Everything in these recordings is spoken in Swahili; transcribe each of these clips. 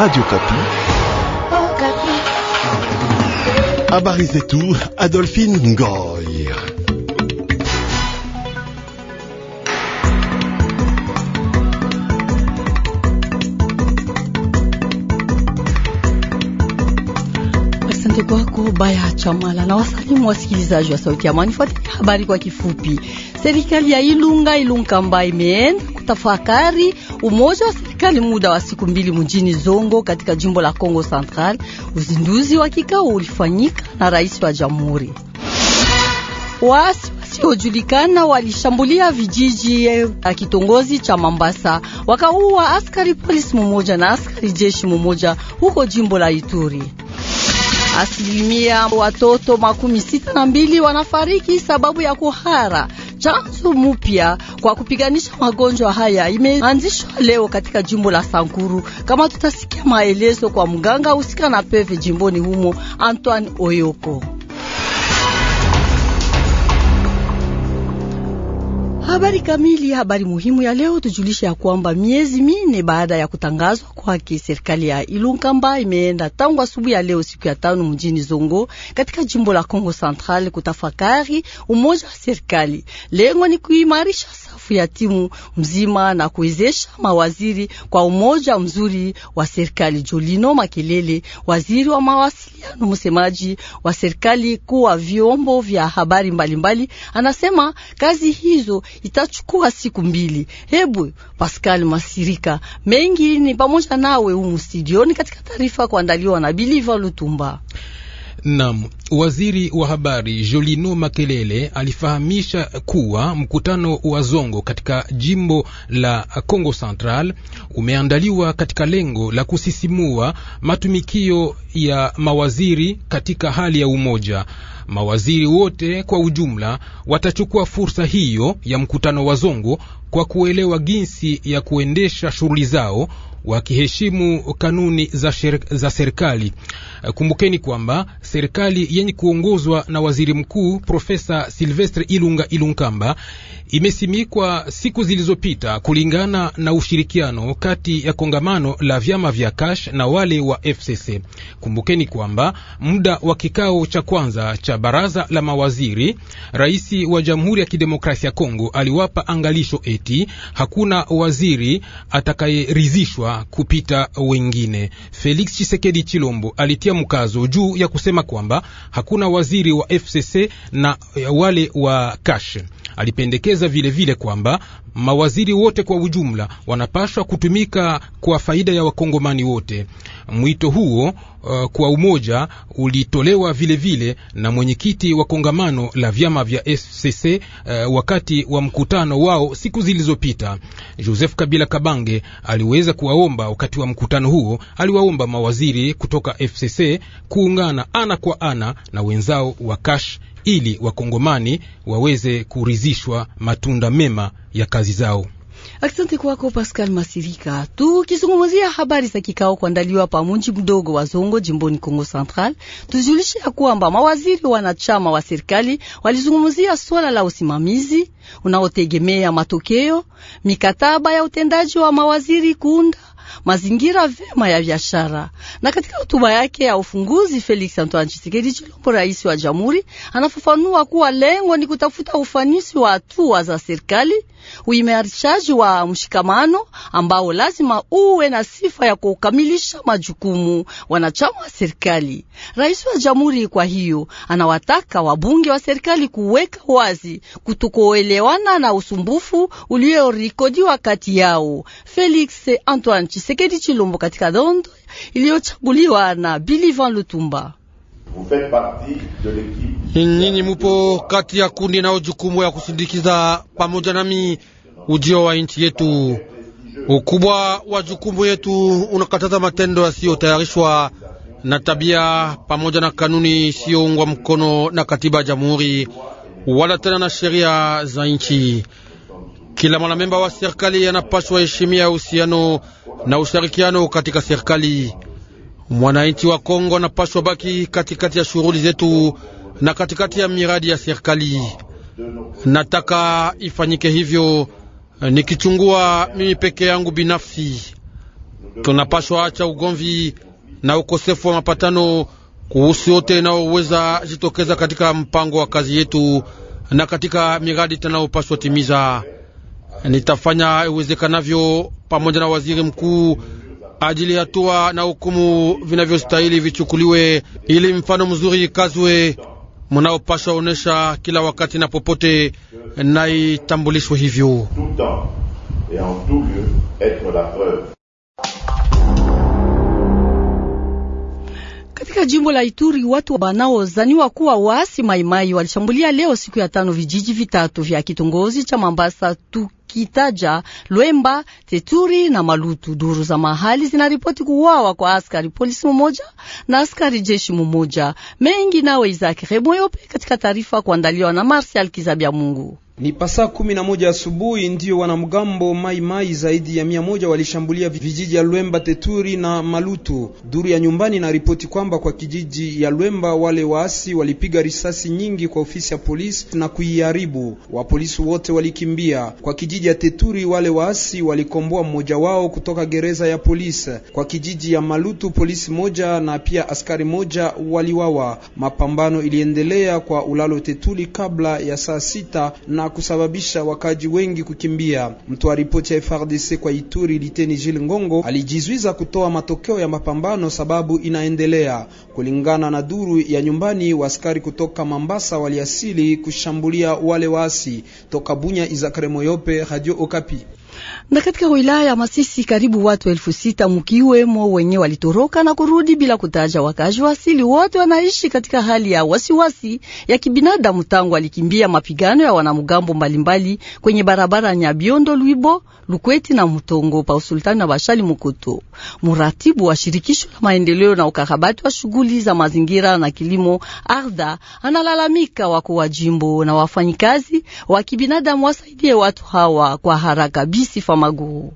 Radio oh, Kapi. Habari zetu, Adolphine Ngoy. Asante kwako Baya Chamala na wasalimu wasikilizaji wa Sauti ya Amani. Fuatilia habari kwa kifupi. Serikali ya Ilunga Ilunkamba imeen kutafakari umoja wa serikali muda wa siku mbili mjini Zongo katika jimbo la Kongo Central. Uzinduzi wa kikao ulifanyika na rais wa jamhuri. Waasi wasiojulikana walishambulia vijiji ya kitongozi cha Mambasa, wakaua askari polisi mmoja na askari jeshi mmoja huko jimbo la Ituri. Asilimia watoto makumi sita na mbili wanafariki sababu ya kuhara chanzo mupya kwa kupiganisha magonjwa haya imeanzishwa leo katika jimbo la Sankuru, kama tutasikia maelezo kwa mganga husika na peve jimboni humo Antoine Oyoko. Habari kamili, habari muhimu ya leo tujulishe ya kwamba miezi mine baada ya kutangazwa kwake, serikali ya Ilunkamba imeenda tangu asubuhi ya leo siku ya tano mjini Zongo katika jimbo la congo Central kutafakari umoja wa serikali. Lengo ni kuimarisha safu ya timu mzima na kuwezesha mawaziri kwa umoja mzuri wa serikali. Jolino Makelele, waziri wa mawasiliano, msemaji wa serikali kuwa vyombo vya habari mbalimbali mbali, anasema kazi hizo itachukua siku mbili. Hebu Pascal Masirika, mengi ni pamoja nawe umu studioni katika taarifa kuandaliwa na Biliva Lutumba. Naam, Waziri wa habari Jolino Makelele alifahamisha kuwa mkutano wa Zongo katika jimbo la congo Central umeandaliwa katika lengo la kusisimua matumikio ya mawaziri katika hali ya umoja. Mawaziri wote kwa ujumla watachukua fursa hiyo ya mkutano wa Zongo kwa kuelewa jinsi ya kuendesha shughuli zao wakiheshimu kanuni za, za serikali. Kumbukeni kwamba serikali yenye kuongozwa na waziri mkuu Profesa Silvestre Ilunga Ilunkamba imesimikwa siku zilizopita kulingana na ushirikiano kati ya kongamano la vyama vya Kash na wale wa FCC. Kumbukeni kwamba muda wa kikao cha kwanza cha baraza la mawaziri, rais wa Jamhuri ya Kidemokrasia ya Kongo aliwapa angalisho eti Haiti hakuna waziri atakayeridhishwa kupita wengine. Felix Chisekedi Chilombo alitia mkazo juu ya kusema kwamba hakuna waziri wa FCC na wale wa Kash Alipendekeza vilevile kwamba mawaziri wote kwa ujumla wanapashwa kutumika kwa faida ya wakongomani wote. Mwito huo uh, kwa umoja ulitolewa vilevile vile na mwenyekiti wa kongamano la vyama vya FCC uh, wakati wa mkutano wao siku zilizopita. Joseph Kabila Kabange aliweza kuwaomba wakati wa mkutano huo, aliwaomba mawaziri kutoka FCC kuungana ana kwa ana na wenzao wa Kash ili wakongomani waweze kurizishwa matunda mema ya kazi zao. Asante kwako Pascal Masirika. Tukizungumzia habari za kikao kuandaliwa pa mji mdogo wa Zongo jimboni Kongo Central, tujulishe ya kwamba mawaziri wanachama wa serikali walizungumzia swala la usimamizi unaotegemea matokeo, mikataba ya utendaji wa mawaziri kuunda mazingira vema ya biashara. Na katika hotuba yake ya ufunguzi, Felix Antoine Tshisekedi Chilombo, rais wa jamhuri, anafafanua kuwa lengo ni kutafuta ufanisi wa hatua za serikali uimarishaji wa mshikamano ambao lazima uwe na sifa ya kukamilisha majukumu wanachama wa serikali. Rais wa jamhuri kwa hiyo anawataka wabunge wa serikali kuweka wazi kutokuelewana na usumbufu uliorikodiwa kati yao. Felix Antoine chisekedi Chilombo katika dondo iliyochaguliwa na Bilivan Lutumba. Nyinyi mupo kati ya kundi inayojukumu ya kusindikiza pamoja nami ujio wa nchi yetu. Ukubwa wa jukumu yetu unakataza matendo yasiyotayarishwa na tabia pamoja na kanuni isiyoungwa mkono na katiba ya jamhuri wala tena na sheria za nchi. Kila mwanamemba wa serikali anapaswa heshimia uhusiano na ushirikiano katika serikali. Mwananchi wa Kongo anapaswa baki katikati ya shughuli zetu na katikati ya miradi ya serikali. Nataka ifanyike hivyo, nikichungua mimi peke yangu binafsi. Tunapaswa acha ugomvi na ukosefu wa mapatano kuhusu yote inayoweza jitokeza katika mpango wa kazi yetu na katika miradi tunayopaswa timiza. Nitafanya iwezekanavyo pamoja na waziri mkuu ajili hatua na hukumu vinavyostahili vichukuliwe, ili mfano mzuri ikazwe mnaopashwa onesha kila wakati na popote, na itambulishwe hivyo. Katika jimbo la Ituri watu wanaozaniwa kuwa waasi maimai walishambulia leo siku ya tano vijiji vitatu vya kitongozi cha Mambasa tu Kitaja, Lwemba, Teturi na Malutu. Duru za mahali zinaripoti kuwawa kwa askari polisi mmoja na askari jeshi mmoja. Mengi nawe Izaki Remoyope katika taarifa kuandaliwa na Marsial Kizabia Mungu. Ni pasaa kumi na moja asubuhi ndiyo wanamgambo mai mai zaidi ya mia moja walishambulia vijiji ya Lwemba, Teturi na Malutu. Duru ya nyumbani ripoti kwamba kwa kijiji ya Lwemba wale waasi walipiga risasi nyingi kwa ofisi ya polisi na kuiharibu. Wapolisi wote walikimbia. Kwa kijiji ya Teturi wale waasi walikomboa mmoja wao kutoka gereza ya polisi. Kwa kijiji ya Malutu polisi moja na pia askari moja waliwawa. Mapambano iliendelea kwa ulalo Teturi kabla ya saa sita na kusababisha wakaji wengi kukimbia. wa ripoti ya FRDC kwa Ituri, Liteni Jil Ngongo, alijizuiza kutoa matokeo ya mapambano sababu inaendelea. Kulingana na duru ya nyumbani, waskari kutoka Mambasa waliasili kushambulia wale waasi toka Bunya. Izakare Moyope, Radio Okapi. Na katika wilaya ya Masisi karibu watu elfu sita mukiwemo wenye walitoroka na kurudi bila kutaja. Wakazi wa asili wote wanaishi katika hali ya wasiwasi wasi ya kibinadamu tangu alikimbia mapigano ya wanamgambo mbalimbali kwenye barabara Nyabiondo, Lwibo, Lukweti na Mtongo pa usultani na Bashali Mukoto. Muratibu wa shirikisho la maendeleo na ukarabati wa shughuli za mazingira na kilimo Ardha analalamika wako wa jimbo na wafanyikazi wa kibinadamu wasaidie watu hawa kwa haraka kabisa Sifa Maguu.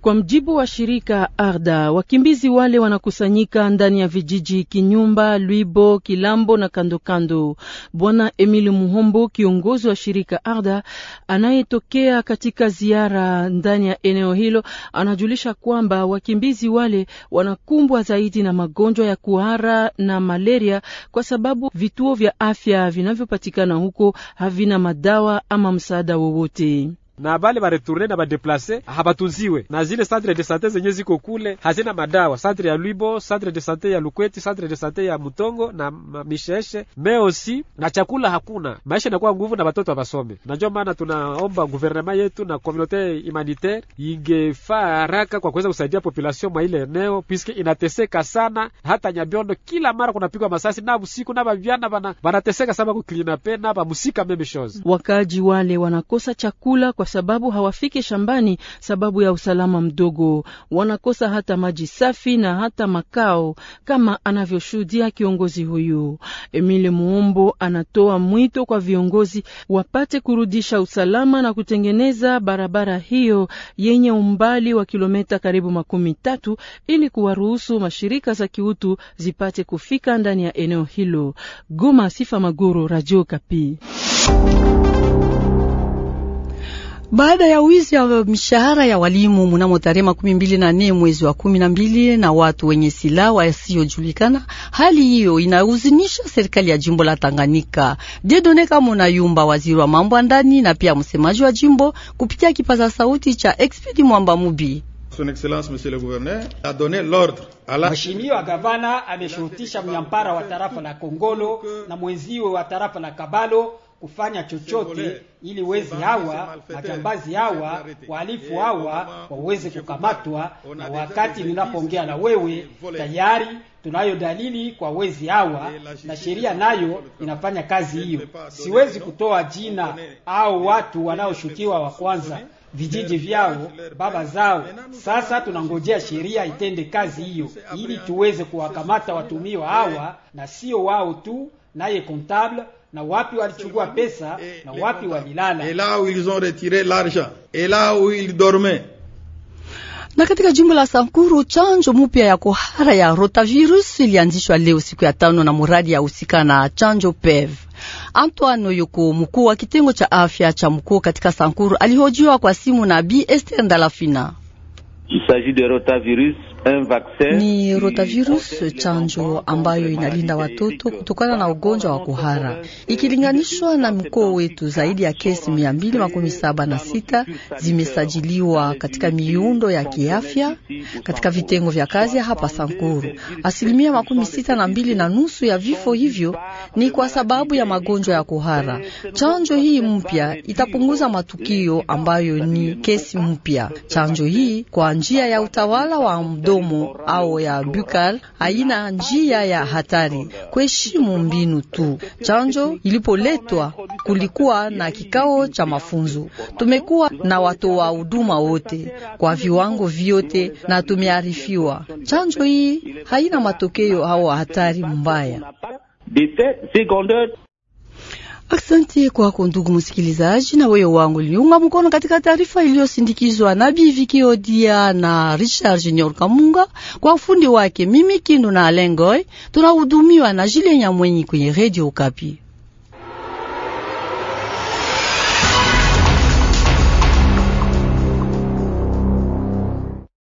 Kwa mjibu wa shirika Arda, wakimbizi wale wanakusanyika ndani ya vijiji Kinyumba, Lwibo, Kilambo na kandokando. Bwana Emil Muhombo, kiongozi wa shirika Arda anayetokea katika ziara ndani ya eneo hilo, anajulisha kwamba wakimbizi wale wanakumbwa zaidi na magonjwa ya kuhara na malaria, kwa sababu vituo vya afya vinavyopatikana huko havina madawa ama msaada wowote na bale bareturne na badeplase habatunziwe na zile centre de sante zenye ziko kule hazina madawa. Centre ya Lwibo, centre de sante ya Lukweti, centre de sante ya Mutongo na Misheshe meosi, na chakula hakuna, maisha inakuwa nguvu na watoto hawasome. Na ndio maana tunaomba guvernema yetu na communauté humanitaire ingefaa haraka kwa kuweza kusaidia population mwa ile eneo, piske inateseka sana. Hata Nyabiondo kila mara kunapigwa masasi na usiku na bavyana banateseka sana, kukilina pe na bamusika meme chose. Wakaji wale wanakosa chakula kwa kwa sababu hawafiki shambani sababu ya usalama mdogo. Wanakosa hata maji safi na hata makao, kama anavyoshuhudia kiongozi huyu Emile Muombo. Anatoa mwito kwa viongozi wapate kurudisha usalama na kutengeneza barabara hiyo yenye umbali wa kilometa karibu makumi tatu ili kuwaruhusu mashirika za kiutu zipate kufika ndani ya eneo hilo. Goma, Sifa Maguru, Radio Kapi. Baada ya wizi ya mishahara ya walimu mnamo tarehe makumi mbili na nne mwezi wa kumi na mbili na watu wenye silaha wasiojulikana, hali hiyo inahuzunisha serikali ya jimbo la Tanganyika. Dedone na Yumba, waziri wa mambo ya ndani na pia msemaji wa jimbo, kupitia kipaza sauti cha Expedi Mwamba Mubi. Son Excellence Monsieur le Gouverneur a donne l'ordre la... Mheshimiwa gavana ameshurutisha mnyampara wa tarafa la Kongolo na mwenziwe wa tarafa la Kabalo kufanya chochote ili wezi hawa majambazi hawa wahalifu hawa waweze kukamatwa. Na wakati ninapoongea na wewe, tayari tunayo dalili kwa wezi hawa na sheria nayo inafanya kazi hiyo. Siwezi kutoa jina au watu wanaoshukiwa wa kwanza vijiji vyao baba zao. Sasa tunangojea sheria itende kazi hiyo, ili tuweze kuwakamata watumiwa hawa na sio wao tu, naye comptable na wapi walichukua pesa eh, na wapi walilala, et là où ils ont retiré l'argent et là où ils dormaient na katika jimbo la Sankuru chanjo mupya ya kohara ya rotavirus ilianzishwa leo siku ya tano na muradi ya husika na chanjo PEV. Antoine Oyoko, mkuu wa kitengo cha afya cha mkuu katika Sankuru, alihojiwa kwa simu na Bi Esther Ndalafina ni rotavirus, chanjo ambayo inalinda watoto kutokana na ugonjwa wa kuhara. Ikilinganishwa na mkoa wetu, zaidi ya kesi mia mbili makumi saba na sita zimesajiliwa katika miundo ya kiafya katika vitengo vya kazi hapa Sankuru. Asilimia makumi sita na mbili na nusu ya vifo hivyo ni kwa sababu ya magonjwa ya kuhara. Chanjo hii mpya itapunguza matukio ambayo ni kesi mpya. Chanjo hii kwa njia ya utawala wa mdo mdomo au ya bukal haina njia ya hatari, kuheshimu mbinu tu. Chanjo ilipoletwa kulikuwa na kikao cha mafunzo. Tumekuwa na watoa huduma wote kwa viwango vyote, na tumearifiwa chanjo hii haina matokeo au hatari mbaya. Asante kwako ndugu msikilizaji, na weyo wangu liunga mkono katika taarifa iliyosindikizwa na Biviki Odia na Richard Junior Kamunga kwa ufundi wake. Mimi Kindu na Alengoy tunahudumiwa na Jile Nyamwenyi kwenye redio ukapi